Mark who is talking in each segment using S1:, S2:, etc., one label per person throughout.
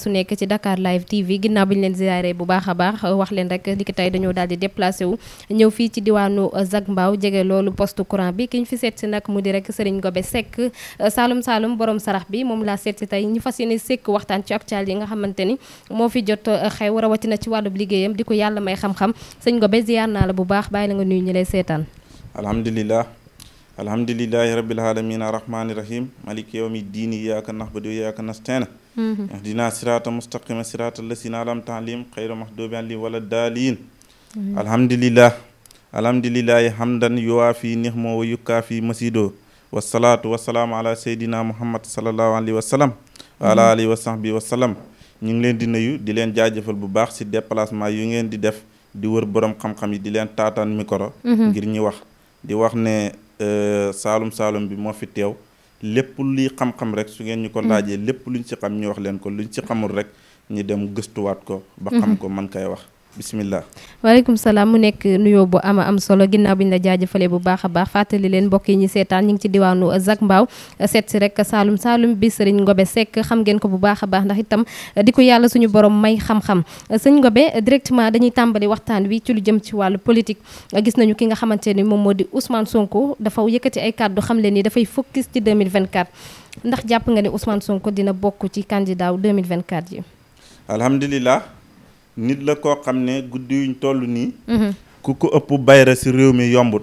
S1: su nekk ci Dakar Live TV ginnaaw bi ñu leen ziare bu baax a baax wax leen rek li tey dañoo daal di déplacé wu ñëw fii ci diwaanu euh, Zac Mbao jege loolu poste courant bi ki ñu fi seet si nag mu di rek Serigne Gobe sekk euh, Saalum Saalum borom sarax bi moom laa seet si tey ñu fas yéene sekk waxtaan ci actuel yi nga xamante ni moo fi jot euh, xew rawatina ci wàllub liggéeyam di ko yàlla may xam-xam sëñ Gobe ziar naa la bu baax bàyyi la nga nuyu ñu lay seetaan
S2: alhamdulillahi rabbil alamin arrahmani rahim maliki yawmi diini iyyaka na'budu wa iyyaka nasta'in mm-hmm. ihdina sirata mustaqima sirata allasina an'amta alayhim ghayri maghdubi alayhim wala daalin alhamdulillah alhamdulillahi hamdan yuwaafi ni'mahu wa yukaafi masiidahu wasalaatu wasalaamu ala seydina muhammad salallahu alayhi wa sallam wa ala mm-hmm. alihi wa sahbi wa sallam ñu ngi leen di nuyu di leen jaajëfal bu baax si déplacement yu ngeen di def di wër borom xam-xam yi di leen taataan micro mm-hmm. Euh, saalum saalum bi moo fi teew lépp luy xam-xam rek su ngeen ñu ko mm. laajee lépp lu luñ ci xam ñu wax leen ko luñ ci xamul rek ñu dem gëstuwaat ko ba xam mm-hmm. ko man kay wax bismillah
S1: waaleykum salaam mu nekk nuyoo bu ama am solo ginnaaw bi ñu la jaajëfalee bu baax a baax fàttali leen mbokk yi ñu seetaan ñu ngi ci diwaanu Zac Mbao seet si rek Saalum Saalum bi Serigne Ngobe Seck xam ngeen ko bu baax a baax ndax itam di ko yàlla suñu borom may xam-xam sëñ Ngobe directement dañuy tàmbali waxtaan wi ci lu jëm ci wàllu politique gis nañu ki nga xamante ni moom moo di Ousmane Sonko dafa yëkkati ay kàddu xam leen ni dafay focus ci 2024 ndax jàpp nga ne Ousmane Sonko dina bokk ci candidat wu 2024 yi
S2: nit la koo xam ne guddi yuñ toll nii. Mhm. ku ko ëpp bayra si réew mi yombul.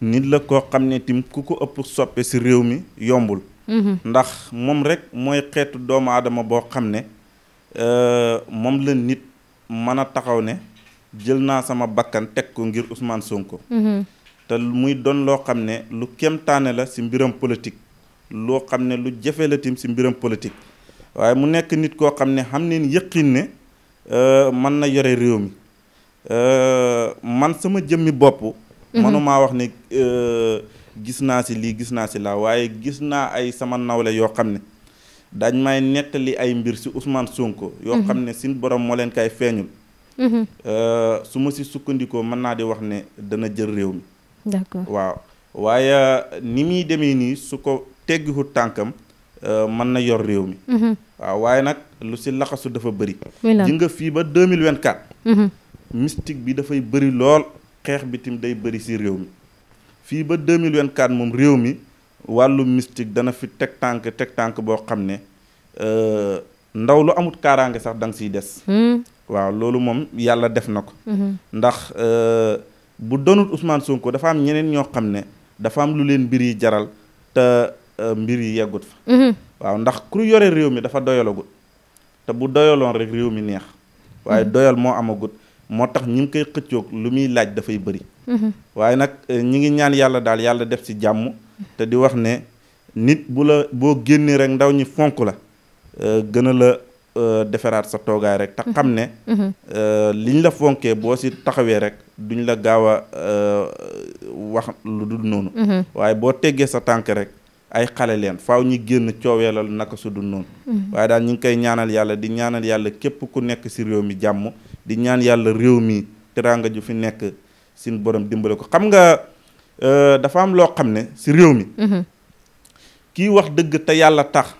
S2: nit la koo xam ne tim ku ko ëpp soppe si réew mi yombul. Mhm. ndax moom rek mooy xeetu doomu aadama boo xam ne euh, moom la nit mën a taxaw ne jël naa sama bakkan teg ko ngir Ousmane Sonko. Mhm. te muy doon loo xam ne lu kem tànne la si mbiram politique. loo xam ne lu jafe la tim si mbiram politique. waaye mu nekk nit koo xam ne xam ne yëqin ne. Euh, man na yore réew mi euh, man sama jëmmi bopp mhm. mënumaa wax ni euh, gis naa si lii gis naa si laa waaye gis naa ay sama nawle yoo xam ne dañ may nettali ay mbir si Ousmane Sonko. yoo mhm. xam ne sin borom moo leen kay feeñul mhm. su ma si sukkandikoo mën naa di wax ne dana jël réew mi waaw waaye ni muy demee nii su ko teggiwut tànkam mën na yor réew mi waaw waaye nag lu si laxasu dafa bëri ji nga fii ba mille 2024 mhm. mystique bi dafay bëri lool xeex bi tim day bëri si réew mi fii ba mille 2024 moom réew mi wàllu mystique dana fi teg tànk teg tànk boo xam ne euh, ndaw lu amut kaaraange sax da nga siy des hmm. waaw loolu moom yàlla def na ko mhm. ndax euh, bu doonut usmaan Sonko dafa am ñeneen ñoo xam ne dafa am lu leen mbir yi jaral Euh, mbir yi yeggut fa mhm. waaw ndax ku yore réew mi dafa doyalagut te bu doyaloon rek réew mi neex waaye mhm. doyal moo amagut moo tax ñi ngi koy xëccook lu muy laaj dafay bëri mhm. waaye nag euh, ñi ngi ñaan yàlla daal yàlla def ci jàmm te di wax ne nit bu la boo génnee rek ndaw ñi fonk la euh, gën a la defaraat sa toogaay rek te xam ne liñ la fonkee boo si taxawee rek duñ la gaaw a wax lu dul noonu waaye boo teggee sa tànk rek ay xale leen faw ñu génn cooweelal naka su dul noonu mm-hmm. waaye daal ñu ngi koy ñaanal yàlla di ñaanal yàlla képp ku nekk si réew mi jàmm di ñaan yàlla réew mi teraanga ju fi nekk sin boroom dimbale ko xam nga euh, dafa am loo xam ne si réew mi mm-hmm. kii wax dëgg te yàlla tax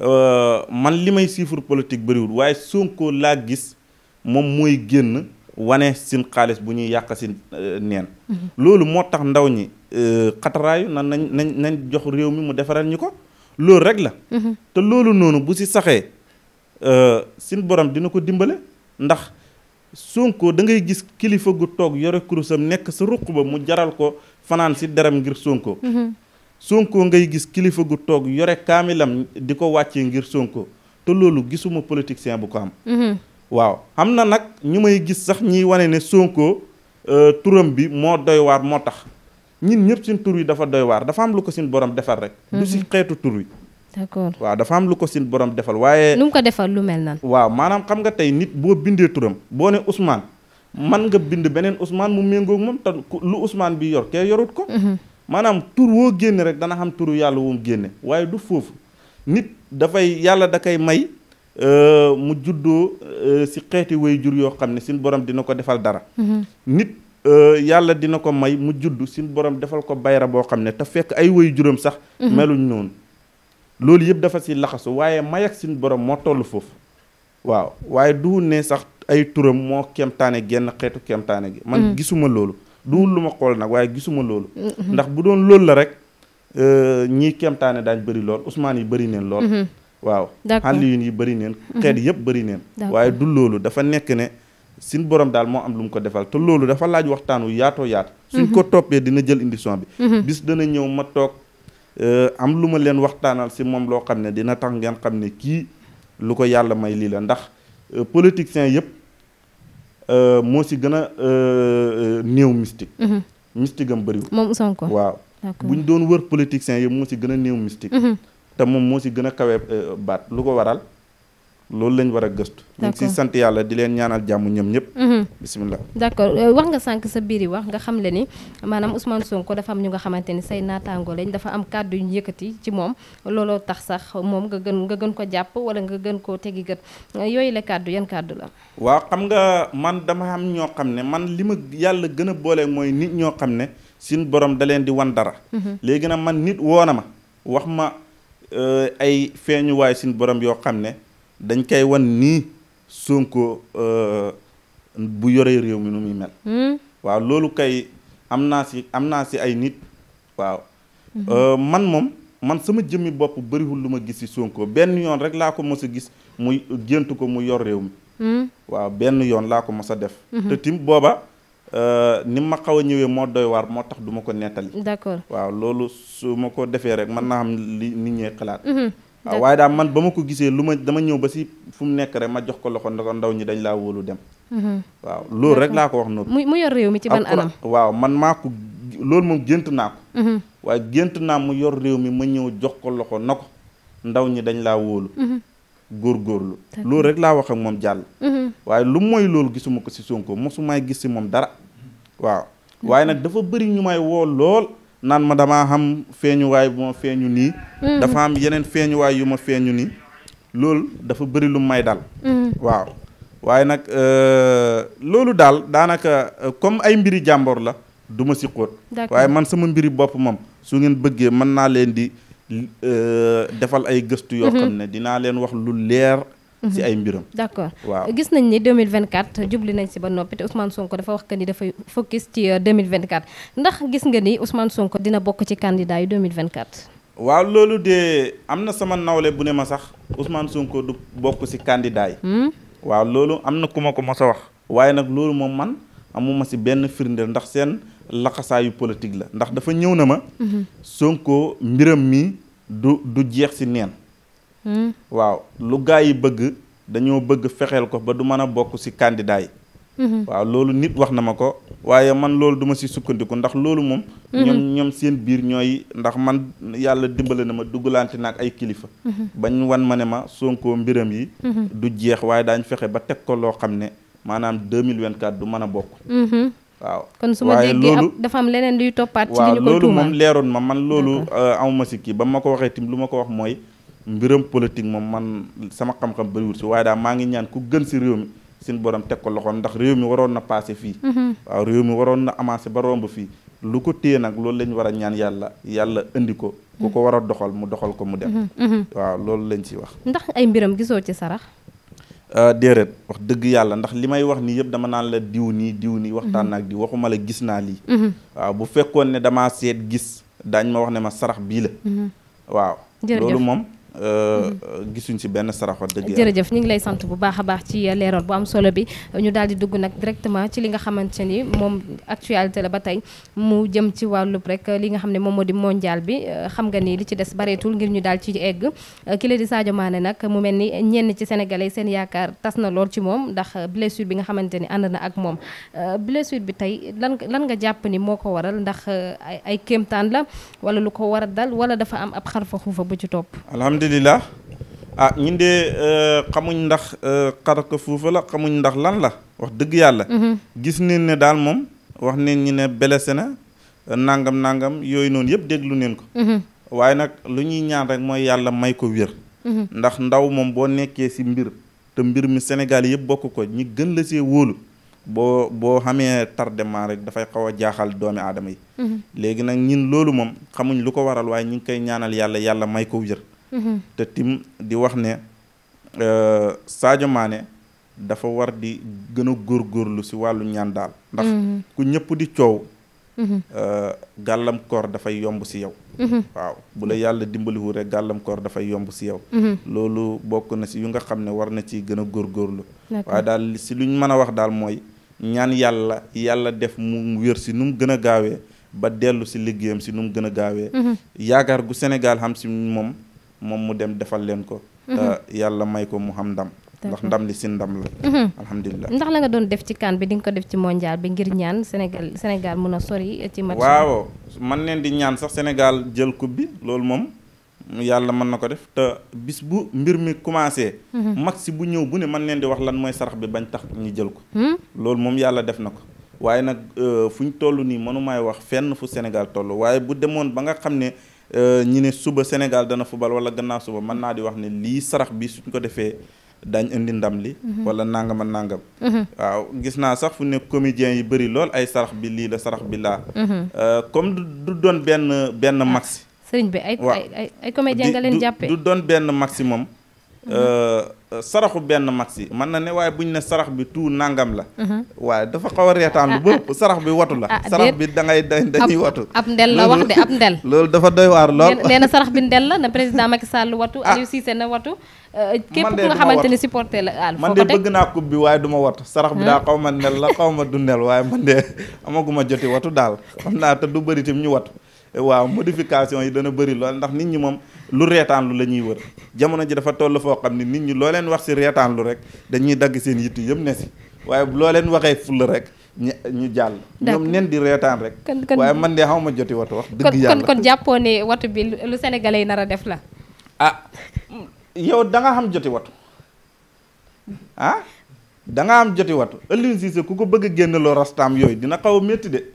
S2: euh, man li may chiffre politique bëriwul waaye Sonko laa gis moom mooy génn wane sin xaalis bu ñuy yàq si euh, neen mm-hmm. loolu moo tax ndaw ñi Euh, xataraayu nan nañ nañ nañ jox réew mi mu defaral ñu ko loolu rek la mm-hmm. te loolu noonu bu si saxee euh, sin borom dina ko dimbale ndax Sonko dangay gis kilifa gu toog yore kurusam nekk sa ruq ba mu jaral ko fanaan si deram ngir Sonko mm-hmm. ngay gis kilifa gu toog yore kaamilam di ko wàcce ngir Sonko te loolu gisuma politicien bu ko am mm-hmm. waaw xam na nag ñu may gis sax ñiy wane ne Sonko euh, turam bi moo doy waar moo tax ñin ñëpp suñ tur yi dafa doy waar dafa am lu ko suñ borom defal rek du mhm. si xeetu tur yi waaw dafa am lu ko suñ borom defal waaye nu
S1: mu ko defal lu mel nan
S2: waaw maanaam xam nga tey nit boo bindee turam boo ne Ousmane man nga bind beneen Ousmane mu méngoog moom te lu usmaan bi yor te yorut ko mhm. maanaam tur woo génne rek dana xam turu yàlla woom génne waaye du foofu nit dafay yàlla da koy may euh, mu juddoo euh, si xeeti way jur yoo xam ne suñ borom dina ko defal dara mhm. nit Euh, yàlla dina ko may mu judd suñu borom defal ko bayra boo xam ne te fekk ay woyu juróom sax mhm. meluñ noonu loolu yëpp dafa si laxasu waaye mayak ak suñu borom moo toll foofu waaw waaye du ne sax ay turam moo kemtaane genn xeetu kemtaane gi man mhm. gisuma loolu duul lu ma xool nag waaye gisuma loolu mhm. ndax bu doon loolu la rek euh, ñii kemtaane daañ bëri lool Ousmane yi bëri neen lool waaw xàll yi bëri neen xeet yëpp bëri neen waaye du loolu dafa nekk ne sin borom daal moo am lu mu ko defal te loolu dafa laaj waxtaanu yaatoo yaat suñ ko mhm. toppee dina jël émission bi mhm. bis dana ñëw ma toog euh, am lu ma leen waxtaanal si moom loo xam ne dina tax ngeen xam ne kii lu ko yàlla may lii la ndax euh, politiciens yëpp euh, moo si gën a néew mystique mhm. mystique am bëriwul moom waaw buñ doon wër politiciens yëpp moo si gën a néew mystique te moom moo si gën a kawee baat lu ko waral loolu lañ war a gëstu. ñu ngi sant yàlla di leen ñaanal jàmm ñoom ñëpp. Mm-hmm. bisimilah.
S1: d' accord euh, wax nga sànq sa biir yi wax nga xam le ni maanaam Ousmane Sonko dafa am ñu nga xamante ni say naataango lañ dafa am kàddu yu ñu yëkkati ci moom looloo tax sax moom nga gën nga gën ko jàpp wala nga gën koo tegi gët euh, yooyu la kàddu yan kàddu la.
S2: waaw xam nga man dama am ñoo xam ne man li ma yàlla gën a boole mooy nit ñoo xam ne suñu boroom da leen di wan dara. Mm-hmm. léegi na man nit woona ma wax ma euh, ay feeñuwaay suñu borom yoo xam ne dañ koy wan nii Sonko euh, bu yoree réew mi nu muy mel. Hmm. waaw loolu kay am naa si am naa si ay nit waaw. Hmm. Euh, man moom man sama jëmmi bopp bariwul lu ma gis si Sonko benn yoon rek laa ko mos a gis muy gént ko mu yor réew mi. Hmm. waaw benn yoon laa ko mos a def. te tim booba euh, ni ma xaw a ñëwee moo doy waar moo tax du ma ko nettali. waaw loolu su ma ko defee rek mën naa xam li nit ñee xalaat. waaw ah, waaye daal man ba ma ko gisee lu ma dama ñëw ba si fu mu nekk rek ma jox ko loxo ndako ndaw ñi dañ laa wóolu dem mhm. waaw loolu ko wax noonu
S1: mu yor réew mi ci ban anam
S2: waaw man maa ko loolu moom gént naa ko mhm. waaye gént réew mi ma ñëw jox ko loxo na ko ndaw ñi dañ laa wóolu mhm. góorgóorlu loolu rek laa wax ak moom jàll waaye lu mooy lool gisuma ko si Sonko mosumaay gis si moom dara waaw waaye nag dafa bëri ñu may woo lool naan ma damaa xam feeñuwaay bu ma feeñu nii mm. dafa am yeneen feeñuwaay yu ma feeñu nii loolu dafa bari lu may dal mm. waaw waaye nag euh, loolu daal daanaka euh, comme ay mbiri jàmboor la duma ma si xóot waaye man sama mbiri bopp moom su ngeen bëggee mën naa leen di euh, defal ay gëstu yoo mm-hmm. xam ne dinaa leen wax lu leer si mhm. ay mbiram. d'accord waaw
S1: gis nañ ni 2024 jubli nañ si ba noppi te Ousmane Sonko dafa wax que ni dafay focus ci 2024 euh, ndax gis nga ni Ousmane Sonko dina bokk ci candidat yi
S2: waaw loolu am na sama ne ma sax Ousmane Sonko du bokk si candidat yi. Hmm? waaw loolu am na ku ma ko ma a wax. waaye nag loolu moom man amuma si benn firndeel ndax seen laxasaayu politique la ndax dafa ñëw na ma. Mhm. Sonko mbiram mi du du jeex si neen. Hmm. waaw lu gaa yi bëgg dañoo bëgg fexeel ko ba du mën a bokk ci candidat yi. Hmm. waaw loolu nit wax na ma ko waaye man loolu duma ci sukkandiku ndax loolu moom. Hmm. ñoom ñoom seen biir ñooy ndax man yàlla dimbale na ma duggalante naag ay kilifa. bañ wan ma ne ma Sonko mbiram yi. du jeex waaye daañ fexe ba teg ko loo xam ne maanaam 2024 du mën a bokk. waaw kon su ma déggee ab
S1: dafa am leneen toppaat. ci loolu moom leeroon ma man loolu
S2: amuma euh, ci kii ba ma ko waxee tim lu ma ko wax mooy. mbiram politique moom man sama xam-xam bëriwul si waaye daal maa ngi ñaan ku gën si réew mi suñu borom teg ko loxoon ndax réew mi waroon na passé fii mhm. waaw réew mi waroon na avancé ba romb fii lu ko téye nag loolu lañ war a ñaan yàlla yàlla indi ko ku ko war a doxal mu doxal ko mu dem mhm, mhm. waaw loolu lañ si wax
S1: ndax ay mbiram gisoo ci sarax
S2: euh, déedéet wax dëgg yàlla ndax li may wax nii yëpp dama naan la diw nii diw nii waxtaan naag diw waxuma la gis naa lii waaw bu ne damaa seet gis daañ ma wax ne ma sarax bii la waaw loolu gisuñ si benn sarax wax dëgg jërëjëf
S1: ñu ngi lay sant bu baax a baax ci leeral bu am solo bi ñu daal di dugg nag directement ci li nga xamante ni moom actualité la ba tey mu jëm ci wàllu rek li nga xam ne moom moo di mondial bi xam nga ni li ci des bareetul ngir ñu daal ci egg ki di Sadio Mané nag mu mel ni ñenn ci sénégalais seen yaakaar tas na lool ci moom ndax blessure bi nga xamante ni ànd na ak moom blessure bi tey lan lan nga jàpp ni moo ko waral ndax ay ay kéemtaan la wala lu ko war a dal wala dafa am ab xarfa xuufa bu ci topp
S2: alhamdulilah a ah, ñun de euh, xamuñ ndax euh, xaraka fuufa la xamuñ ndax lan la wax dëgg yàlla mm-hmm. gis nañ ne daal moom wax nañ ñu ne blessé na nangam nangam yooyu noonu yëpp déglu neen ko mm-hmm. waaye nag lu ñuy ñaan rek mooy yàlla may ko wér mm-hmm. ndax ndaw moom boo nekkee si mbir te mbir mi senegal yëpp bokk ko ñi gën la see wóolu boo boo xamee tardement rek dafay xaw a jaaxal doomi aadama yi léegi nag ñun loolu moom xamuñ lu ko waral waaye ñu ngi koy ñaanal yàlla yàlla may ko Mm-hmm. te tim di wax ne euh, Sadio Mané dafa war di gën a góorlu si wàllu ñaan daal ndax mm-hmm. ku ñëpp di coow mm-hmm. euh, gàllamkoor dafay yomb si yow waaw bu la yàlla dimbaliwu rek gàllamkoor dafay yomb si yow loolu bokk na si yu nga xam ne war na ci gën a góorgóorlu waaye daal si luñ mën a wax daal mooy ñaan yàlla yàlla def mu wér si nu mu gën a gaawee ba dellu si liggéeyam si nu mu gën a gaawee yaakaar gu Sénégal xam si moom moom mu dem defal leen ko mhm. te yàlla may ko mu xam ndam ndax ndam li si ndam la mhm. alhamdulilah ndax
S1: la nga doon def ci kan bi di nga ko def ci mondial bi ngir ñaan Sénégal Sénégal mun a sori ci match waaw
S2: man leen di ñaan sax Sénégal jël coupe bi loolu moom yàlla mën na ko def te bis bu mbir mi commencé mhm. mag bu ñëw bu ne man di wax lan mooy sarax bi bañ tax ñu jël ko hmm? loolu moom yàlla def na ko waaye nag euh, fu ñu toll nii mënumaay wax fenn fu Sénégal toll waaye bu demoon ba nga xam ne Euh, ñu ne suba Sénégal dana fubal wala gannaaw suba mën naa di wax ne lii sarax bi suñ ko defee dañ indi ndam li mhm. wala nangam ak nangam mhm. waaw gis naa sax fu ne comédiens yi bëri lool ay sarax bi lii la sarax bi laa mhm. euh, comme du doon benn benn ah, maxi
S1: sëriñ bi ay ay ay comédien nga leen jàppee du
S2: doon benn maximum Euh, saraxu benn mat si man na ne waaye buñ ne sarax bi tout nangam la mhm. waaye dafa xaw a reetaan lu bëpp ah, ah. sarax bi watu la ah, sarax bi da ngay dañuy watu ab ndel la wax loolu dafa doy waar lool nee
S1: sarax bi ndel la na président Macky Sall watu Aliou Cissé na watu euh, képp ku nga xamante ni supporter la al man de bëgg
S2: naa coupe bi waaye duma ma sarax bi daa xaw ma ndel la xaw ma du ndel waaye man de amaguma joti watu daal xam naa te du bëri tim ñu wat waaw modification yi dana bëri lool ndax nit ñi moom lu reetaan lu la ñuy wër jamono ji dafa toll foo xam ne nit ñi loo leen wax si reetaan lu rek dañuy dagg seen yitt yëpp ne si waaye loo leen waxee fulla rek ñu ñu jàll. ñoom nen di reetaan rek. waaye man de xaw ma joti watu wax. dëgg yàlla kon kon jàppoo
S1: ne watu bi lu sénégalais yi nar a def la.
S2: ah yow da xam joti watu ah da nga am joti watu Aliou Cissé ku ko bëgg a loo rastaam yooyu dina xaw a métti de.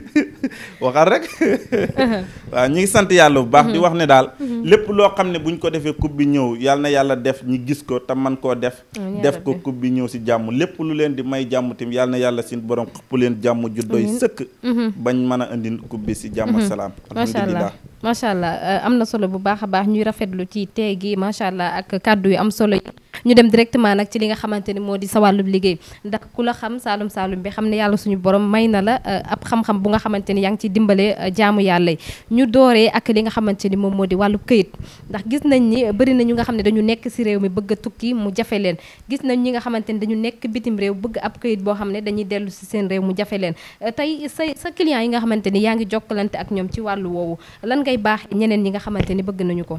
S2: waxal rek. waaw ñu ngi sant yàlla bu baax. di mhm. wax ne daal. Mhm. lépp loo xam ne buñ ko defee coupe bi ñëw yal na yàlla def ñu gis ko te man koo def. def ko coupe bi ñëw si jàmm lépp lu leen di may jàmm tamit yal na yàlla si borom xëpp leen jàmm ju doy sëkk. Mhm. bañ mën a indi coupe bi si jàmm ak salaam. allah
S1: euh, am na solo bu baax a baax ñuy rafetlu ci tey gi macha allah ak kàddu yi am solo ñu dem directement nag ci li nga xamante ni moo di sa wàllub liggéey ndax ku la xam saalum saalum bi xam ne yàlla suñu borom may na la uh, ab xam-xam bu nga xamante ni yaa ngi ciy dimbale uh, jaamu yàlla ñu dooree ak li nga xamante ni moom moo di wàllub këyit ndax gis nañ ni bëri na ñu nga xam ne dañu nekk si réew mi bëgg tukki mu leen gis nañ ñi nga xamante ni dañu nekk bitim réew bëgg ab këyit boo xam ne dañuy dellu si seen réew mu jafe leen uh, tey sa sa client yi nga xamante ni yaa ngi jokkalante ak ñoom ci wàllu woowu lan ngay baax ñeneen yi nga xamante ni bëgg nañu ko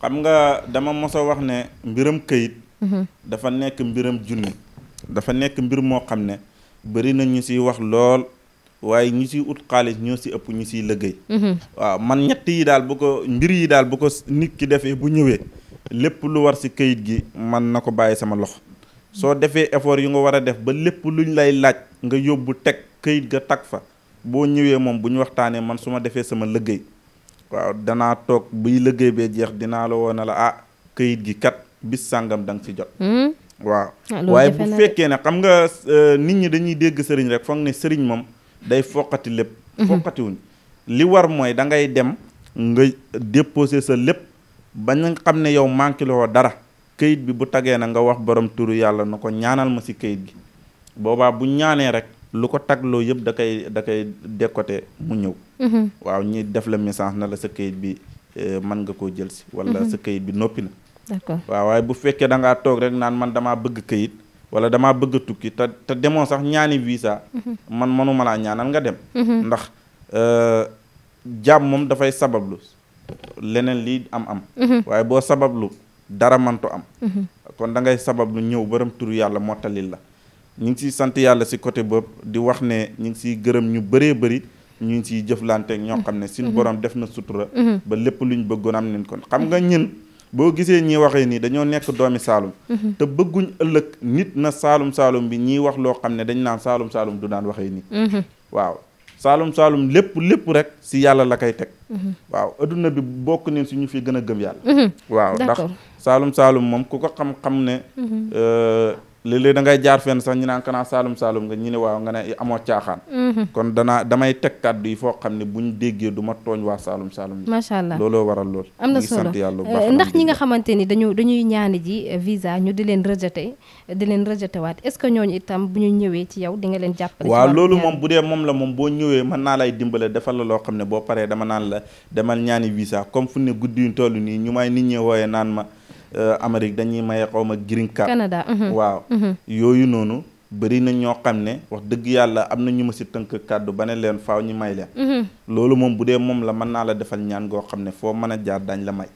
S2: xam nga dama mos wax ne mbiram këyit. Mhm. dafa nekk mbiram junni. dafa nekk mbir moo xam ne bëri na ñu siy wax lool waaye ñu siy ut xaalis ñoo si ëpp ñu siy liggéey. Mhm. waaw man ñett yi daal bu ko mbir yi daal bu ko nit ki defee bu ñëwee lépp lu war si këyit gi man na ko bàyyi sama loxo. soo defee effort yu nga war a def ba lépp lu luñ lay laaj nga yóbbu teg këyit ga tag fa boo ñëwee moom bu ñu waxtaanee man su ma defee sama liggéey. waaw danaa toog buy liggéey bee jeex dinaa la woon la ah kayit gi kat bis sàngam da ci jot hmm? waaw ah, waaye bu fekkee na xam nga euh, nit ñi dañuy dégg sëriñ rek foog ne sëriñ moom day foqati lépp hmm. foqatiwuñ li war mooy da ngay dem nga déposé sa lépp ba nga xam ne yow manqué loo dara kayit bi bu tagee na nga wax borom turu yàlla na ko ñaanal ma si kayit gi boobaa bu ñaanee rek lu ko tagloo yëpp da koy da koy décoté mu ñëw mhm. waaw ñi def la messance na la sa kayit bi euh, mën nga koo jël si wala mhm. sa kayit bi noppi na waaw waaye bu fekkee da toog rek naan man damaa bëgg kayit wala damaa bëgg tukki te te demoo sax ñaani visa mhm. man manuma laa ñaanal nga dem ndax euh, jàmm moom dafay sabablu leneen lii am am waaye boo sabablu dara manto am kon dangay ngay sabablu ñëw bërëm turu yàlla mottalil la ñu ngi siy sant yàlla si côté boobu di wax ne ñu ngi siy gërëm ñu bëree bëri ñu ngi siy jëflante ak ñoo xam ne suñu mhm. borom def na sutura. Mhm. ba lépp luñ bëggoon am nañ ko xam nga ñun. boo gisee ñi waxee nii dañoo nekk doomi saalum mhm. te bëgguñ ëllëg nit na saalum-saalum bi ñiy wax loo xam ne dañ naan saalum-saalum du daan waxee nii waaw saalum-saalum lépp lépp rek si yàlla la koy teg waaw adduna bi bokk su ñu fi gën a gëm yàlla waaw ndax saalum-saalum moom ku ko xam-xam ne euh, léeg-léeg da ngay jaar fenn sax ñu naan kanaa saalum saalum nga ñu ne waaw nga ne amoo caaxaan mhm. kon danaa damay teg kàddu yi foo xam ne ñu déggee du ma tooñ waa saalum saalum macha allah looloo waral lool am na solo sant yàlla eh, ndax
S1: ñi nga xamante ni dañu dañuy ñaani ji visa ñu di leen rejeté di leen rejeté waat est-ce que ñooñu itam bu ñëwee ci yow di nga leen jàppale waaw loolu moom
S2: bu dee moom la moom boo ñëwee mën naa lay dimbale defal la loo xam ne boo paree dama naan la demal ñaani visa comme fu ne guddi yu toll nii ñu may nit ñi wooyee naan ma Euh, Amérique dañuy maye xaw ma green card. Canada mhm. waaw. Mhm. yooyu noonu bëri na ñoo xam ne wax dëgg yàlla am na ñu ma si tënk kàddu ba ne leen faw ñu may leen. Mhm. loolu moom bu dee moom la mën naa la defal ñaan goo xam ne foo mën a jaar dañ la may.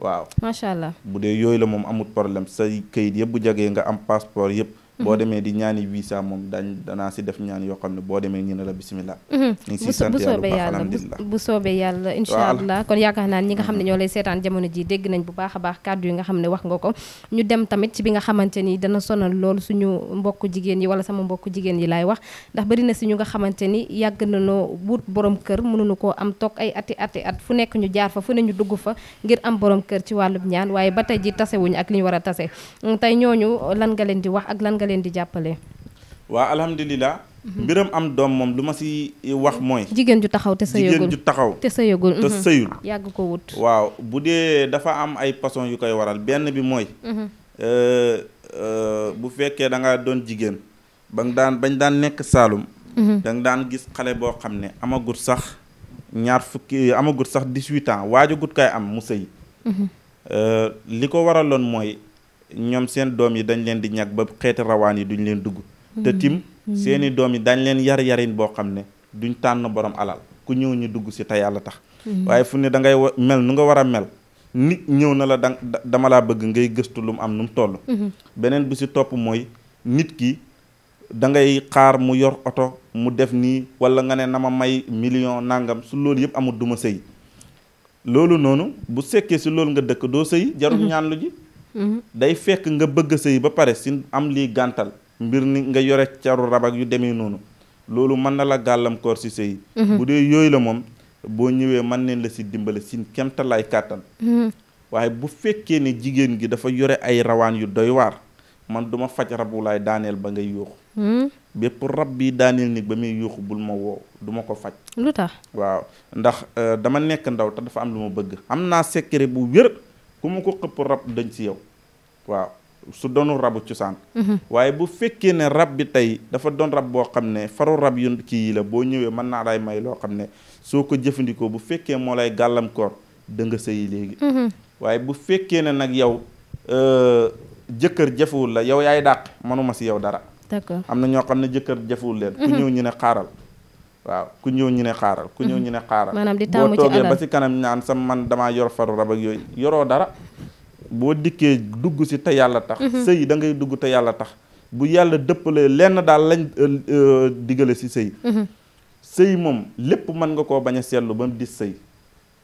S2: waaw macha allah bu dee yooyu la moom amut problème say kayit yëpp bu jagee nga am passeport yëpp. boo demee di ñaani visa moom dañ danaa si def ñaan yoo xam ne boo demee ñu ne la bisimilah. Mhm. ñu ngi siy sant yàlla
S1: bu soobee yàlla incha allah kon yaakaar naa ñi nga xam ne ñoo lay seetaan jamono ji dégg nañ bu baax a baax kàddu nga xam ne wax nga ko ñu dem tamit ci bi nga xamante ni dana sonal lool suñu mbokk jigéen yi wala sama mbokk jigéen yi laay wax ndax bari na si ñu nga xamante ni yàgg nañoo wut borom kër mënuñu koo am toog ay ati ati at fu nekk ñu jaar fa fu ne ñu dugg fa ngir am boroom kër ci wàllub ñaan waaye ba tey ji tasewuñu ak li ñu war a tase tey ñooñu lan nga leen di wax ak lan nga leen di jàppale.
S2: waa alhamdulilah. Mhm. mbiram am doom moom lu ma ci wax mooy.
S1: jigéen ju taxaw te sëyagul jigéen ju
S2: taxaw. te te mhm. sëyul.
S1: yàgg ko wut.
S2: waaw bu dee dafa am ay façon yu koy waral benn bi mooy. Mhm. Euh, euh, fekkee da nga doon jigéen. ba daan bañ daan nekk Saalum. da daan gis xale boo xam ne amagut sax ñaar fukki amagut sax dix-huit ans waajagut kay am mu sëy. Euh, li ko waraloon mooy. ñoom seen doom yi dañ leen di ñag ba xeeti rawaan yi duñ leen dugg te tim mm-hmm. Mm-hmm. seeni doom yi dañ leen yar yarin boo xam ne duñ tànn boroom alal ku ñëw ñu dugg si te yàlla tax mm-hmm. waaye fu ne da ngay mel nu nga war a mel nit ñëw na la da dama laa bëgg ngay gëstu lu mu am nu mu toll beneen bi si topp mooy nit ki dangay xaar mu yor oto mu def nii wala nga ne na may million nangam su loolu yëpp amul du ma sëy loolu noonu bu sekkee si loolu nga dëkk doo sëy jarul Mm-hmm. day fekk nga bëgg sëy ba pare si am lii gàntal mbir ni nga yore caru ak yu demee noonu loolu mën na la gàllankoor si sëy mm-hmm. bu dee yooyu la moom boo ñëwee man neen la si dimbale sin kemtalaay kàttan mm-hmm. waaye bu fekkee ne jigéen gi dafa yore ay rawaan yu doy waar man duma faj rabu daaneel ba ngay yuuxu bépp rab bi daaneel nit ba muy yuuxu bul ma wow duma ko faj lu tax waaw ndax euh, dama nekk ndaw te dafa am lu ma bëgg am naa secret bu wér ku mu ko xëpp rab dañ si yow waaw su doonu rabu cosaan mhm. waaye bu fekkee ne rab bi tey dafa doon rab boo xam ne faru rab yu kii la boo ñëwee mën naa lay may loo xam ne soo ko jëfandikoo bu fekkee moo lay gàllankoor da nga sëyi léegi mhm. waaye bu fekkee ne nag yow euh, jëkkër jafewul la yow yaay dàq mënuma si yow dara d'accord am na ñoo xam ne jëkkër jafewul leen ku mhm. ñëw ñu ne xaaral waaw ku ñëw ñu ne xaaral ku ñëw mhm. ñu ne xaaral maanaam di tàmm ci boo toogee ba ci kanam naan sa man damaa yor faru rab ak yooyu yoroo dara boo dikkee dugg ci te yàlla tax mhm. sëy da ngay dugg te yàlla tax bu yàlla dëppalee lenn daal lañ euh, euh, digale ci sëy mhm. sëy moom lépp mën nga koo bañ a seetlu ba mu di sëy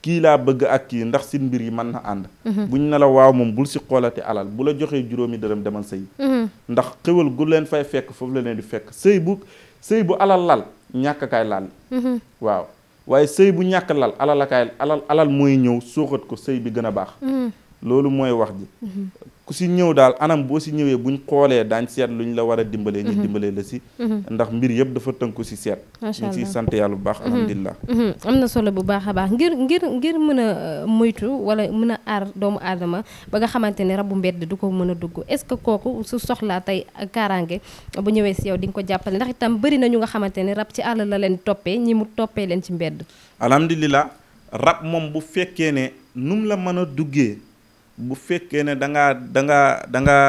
S2: kii laa bëgg ak kii ndax si mbir yi mën na ànd buñ ne la waaw moom bul si xoolati alal bu la joxee juróomi dërëm demal sëy ndax xéwal gu leen fay fekk foofu la leen di fekk sëy bu sëy bu alal lal ñàkk kaay laal. Mm-hmm. waaw waaye sëy bu ñàkk lal alal kaay alal alal mooy ñëw suuxat ko sëy bi gën a baax. Mm-hmm. loolu mooy wax ji mhm. ku si ñëw daal anam boo si ñëwee buñ xoolee daañ seet ñu la war a dimbalee ñu mhm. dimbalee la si mhm. ndax mbir yëpp dafa tënku si seet ñu si sant yàlla bu baax alhamdulilah
S1: am na solo bu baax a baax ngir ngir ngir mën a euh, moytu wala mën a aar doomu aadama ba nga xamante ne rabu mbedd du ko mën a dugg est-ce que kooku su soxlaa tey kaaraange bu ñëwee si yow di nga ko jàppale ndax itam bari na ñu nga xamante ne rab ci àll la leen toppee ñi mu toppee leen ci mbedd
S2: alhamdulilah rab moom bu fekkee ne num la mën a duggee bu fekkee ne danga danga da ngaa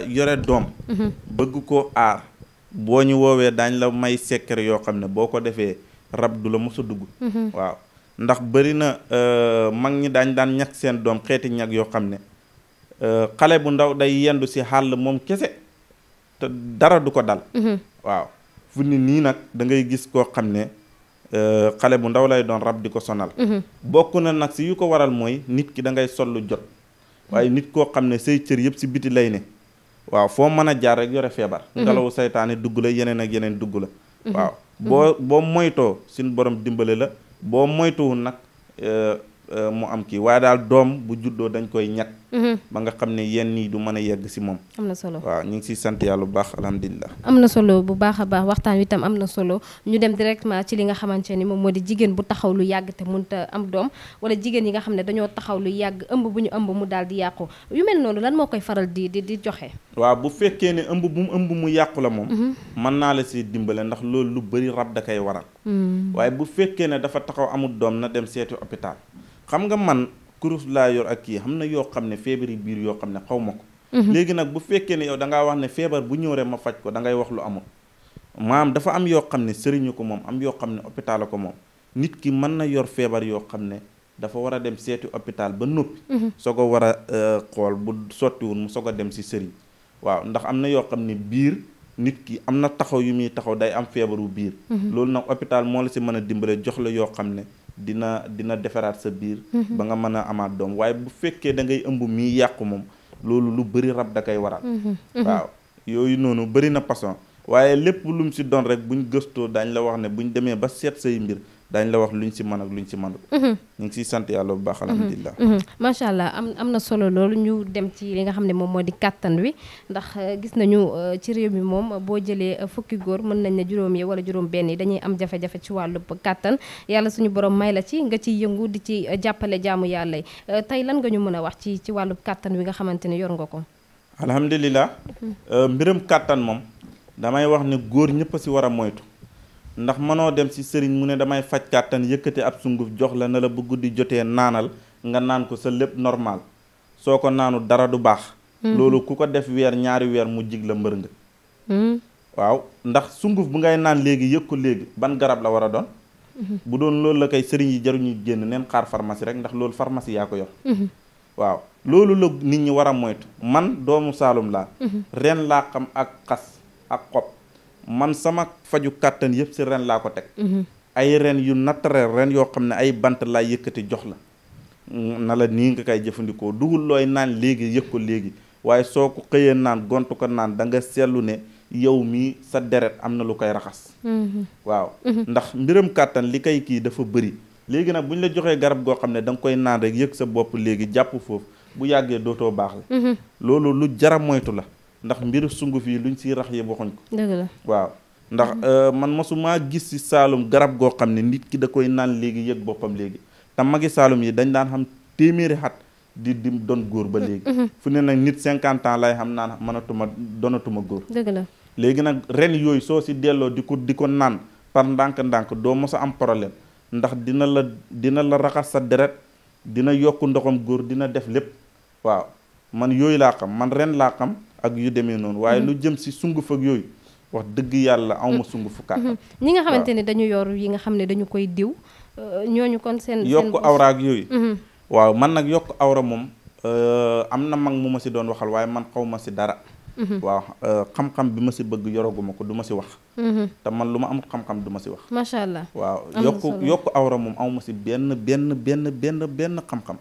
S2: da yore doom mm-hmm. bëgg ko aar boo ñu woowee daañ la may secret yoo xam ne boo ko defee rab du la mos a dugg mm-hmm. waaw ndax bëri na euh, mag ñi daañ daan ñag seen doom xeeti ñag yoo xam ne euh, xale bu ndaw day yendu si xàll moom kese te du ko dal mm-hmm. waaw nag da gis koo xam ne euh, xale bu ndaw lay doon rab di ko sonal bokk na nag si yu ko waral mooy nit ki da ngay sollu jot waaye nit koo xam ne say cër yëpp si biti lay ne waaw foo mën a jaar rek yore feebar mhm. ngelawu seytaane dugg la yeneen ak yeneen dugg la mhm. waaw mhm. boo boo moytoo suñu borom dimbale la boo moytuwul nag euh, Euh, mu am kii waaye daal doom bu juddoo dañ koy ñag mhm. ba nga xam ne yenn yi du mën a yegg si moom
S1: am na solo waaw
S2: ñu ngi siy sant yàlla bu baax alhamdulilah
S1: am na solo bu baax a baax waxtaan wi tam am na solo ñu dem directement ci li nga xamante ni moom moo di jigéen bu taxaw lu yàgg te mënta am doom wala jigéen yi nga xam ne dañoo taxaw lu yàgg ëmb bu ñu ëmb mu daal di yàqu yu mel noonu lan moo koy faral di di di joxe
S2: waaw bu fekkee ne ëmb bu mu ëmb mu yàqu la moom mhm. mën naa la si dimbale ndax loolu lu bëri rab da koy waral mm. waaye bu fekkee ne dafa taxaw amul doom na dem seeti hôpital xam nga man kurus laa yor ak kii xam na yoo xam ne feebari biir yoo xam ne xaw ma ko mhm. léegi nag bu fekkee ne yow da ngaa wax ne feebar bu ñëw rek ma faj ko dangay wax lu amul maam dafa am yoo xam ne sëriñu ko moom am yoo xam ne oppital ko moom nit ki mën na yor feebar yoo xam ne dafa war a dem seeti hôpital ba noppi mhm. soo ko war a euh, xool bu sottiwul mu soog a dem si sëriñ waaw ndax am na yoo xam ne biir nit ki am na taxaw yu muy taxaw day am feebaru biir mhm. loolu nag hôpital moo la si mën a dimbale jox la yoo xam ne dina dina defaraat sa biir. Mhm. ba nga mën a amaat doom waaye bu fekkee da ngay ëmb mii yàqu moom loolu lu bëri rab da koy waral.
S3: Mhm. Mhm. waaw
S2: yooyu noonu bëri na façon waaye lépp lum si doon rek buñ gëstoo daañ la wax ne bu ñu demee ba seet say mbir. daañ la wax luñ si mën ak si mënul mhm. ñu ngi siy sant yàlla bu baax mhm.
S1: mhm. macha allah am am na solo loolu ñu dem ci li nga xam ne moom moo di kàttan wi ndax euh, gis nañu euh, ci réew mi moom boo jëlee euh, fukki góor mën nañ ne juróom wala juróom yi dañuy am jafe ci wàllu kàttan yàlla suñu borom may la ci nga ciy yëngu di ci jàppale jaamu yàlla yi tey lan nga ñu mën a wax ci ci wàllu kàttan wi nga xamante ne yor nga ko
S2: alhamdulilah mbiram kàttan moom damay wax ne góor ñëpp si war a moytu ndax mënoo dem si sëriñ mu ne damay faj kàttan yëkkati ab sunguf jox la na la bu guddi jotee naanal nga naan ko sa lépp normal soo ko naanu dara du baax hmm. loolu ku ko def weer ñaari weer mu jig la mbër nga hmm. waaw ndax sunguf bu ngay naan léegi yëg ko léegi ban garab la war a doon hmm. bu doon loolu la kay sëriñ yi jaruñu génn neen xaar pharmacie rek ndax loolu pharmacie yaa ko yor waaw loolu la nit ñi war a moytu man doomu Saalum laa ren laa xam ak xas ak man sama faju kàttan yëpp si ren laa ko teg mhm. ay ren yu naturel ren yoo xam ne ay bant laa yëkkati jox la na la nii nga koy jëfandikoo dugul looy naan léegi yëg ko léegi waaye soo ko xëyee naan gont ko naan danga nga seetlu ne yow mii sa deret am na lu koy raxas mhm. waaw mhm. ndax mbiram kàttan li kay kii dafa bëri léegi nag bu ñu la joxee garab goo xam ne da nga koy naan rek yëg sa bopp léegi jàpp foofu bu yàggee dootoo baax la loolu lu jara moytu la ndax mbiru sunguf yi luñ siy rax yëpp waxuñ ko. dëgg la waaw ndax mm-hmm. euh, man masumaa gis si saalum garab goo xam ne nit ki da koy naan léegi yëg boppam léegi te magi saalum yi dañ daan xam téeméeri xat di di doon góor ba léegi. Mm-hmm. Mm-hmm. fu ne nag nit 50 ans lay xam naan mënatuma donatuma góor. dëgg la léegi nag ren yooyu soo si delloo di ko di ko naan par ndànk-ndànk doo mosa am problème ndax dina la dina la raxas sa deret dina yokk ndoxam góor dina def lépp waaw man yooyu laa man ren laa ak yu demee noonu waaye mm-hmm. lu jëm si sunguf ak yooyu wax dëgg yàlla awma mm-hmm. sunguf kàttan
S1: mm-hmm. ñi nga xamante ni dañu yor yi nga xam ne dañu koy diw euh, ñoo ñu kon seen yokk awra ak
S2: yooyu waaw man nag yokk awra moom euh, am na mag mu ma si doon waxal waaye man xaw ma si dara waaw euh, xam bi ma si bëgg yoraguma ko du si wax man lu ma amul xam-xam si wax macha allah waaw yokk yokk awra moom aw ma si benn benn benn benn benn xam-xam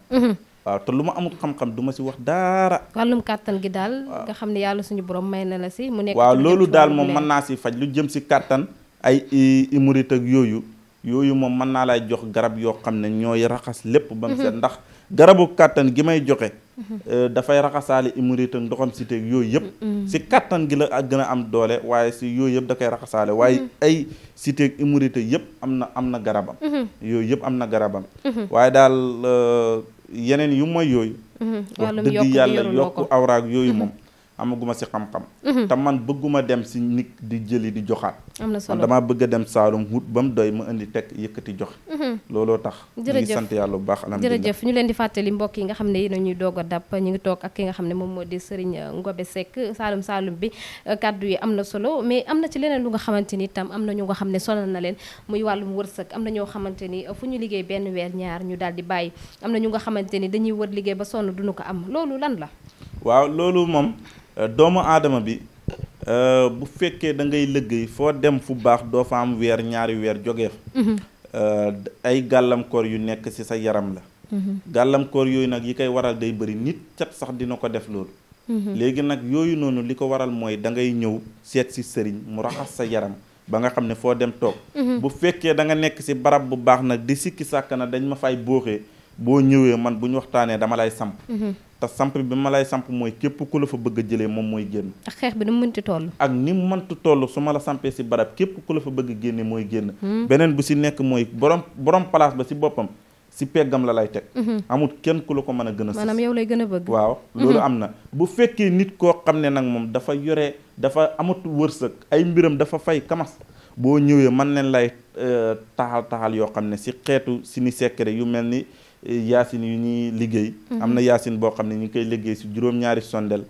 S2: waaw te lu ma amul xam-xam du ma si wax daara.
S1: wàllum kàttan gi daal. nga xam ne yàlla suñu borom may na la si. mu nekk waaw loolu daal moom mën naa
S2: si faj lu jëm si kàttan ay imurit ak yooyu yooyu moom mën naa lay jox garab yoo xam ne ñooy raxas lépp. ba mhm. ndax garabu kàttan gi may joxe. Mhm. Euh, dafay raxasaale imurit ak ndoxam yooyu yëpp. Mhm. si kàttan gi la ak gën a am doole waaye si yooyu yëpp da koy raxasaale waaye ay si teeg yëpp am na am na garabam. yooyu yëpp am na garabam. waaye daal. Euh, yeneen yu mooy yooyu.
S3: Mm-hmm. wax dëgg yàlla yokk
S2: awraag yooyu moom. Mm-hmm. amaguma si xam-xam mhm. te man bëgguma dem si nit di jëli di bëgg a dem Saalum wut ba mu doy ma indi teg yëkkati joxe mhm. looloo tax ñu ngi sant yàlla bu baax alhamdulilah jërëjëf
S1: ñu leen di fàttali mbokk yi nga xam ne yéen a ñuy doog a dab ñu ngi toog nga xam ne moom moo di Serigne Ngobe Seck Saalum Saalum bi euh, kàddu yi am na solo mais am na ci leneen lu nga xamante ni itam am na ñu nga xam ne sonal na leen muy wàllum wërsëg am na ñoo xamante ni euh, fu ñu liggéey benn weer ñaar ñu daal di bàyyi am na ñu nga xamante ni dañuy wër liggéey ba sonn duñu ko am loolu lan la
S2: waaw loolu moom Euh, doomu aadama bi euh, bu fekkee da ngay liggéey foo dem fu baax doo fa am weer ñaari weer jógee fa mhm. euh, ay gàllankoor yu nekk ci sa yaram la mhm. gàllankoor yooyu nag yi koy waral day bëri nit cat sax dina ko def loolu mhm. léegi nag yooyu noonu li ko waral mooy da ngay ñëw seet ci sëriñ mu raxas sa yaram ba nga xam ne foo dem toog bu fekkee da nga nekk ci barab bu baax nag di sikki sàkk na dañ ma fay booxee boo ñëwee man bu ñu waxtaanee dama lay samp te samp bi ma lay samp mooy képp ku la fa bëgg a jëlee moom mooy génn.
S1: ak xeex bi ni mu mënti toll.
S2: ak ni mu mënti toll su ma la sampee si barab képp ku la fa bëgg génne mooy génn. Hmm. beneen bu si nekk mooy borom borom place ba si boppam si peggam la lay teg. Hmm. amul kenn ku la ko mën a gën a. maanaam
S1: yow lay gën a bëgg. waaw
S2: loolu hmm. am na bu fekkee nit koo xam ne nag moom dafa yore dafa amut wërsëg ay mbiram dafa fay kamas. boo ñëwee man nañ lay euh, taxal taxal yoo xam ne si xeetu si ni yu mel ni. yaasin yu ñuy liggéey mhm. am na yaasin boo xam ne ñu ngi koy liggéey si juróom-ñaari sondel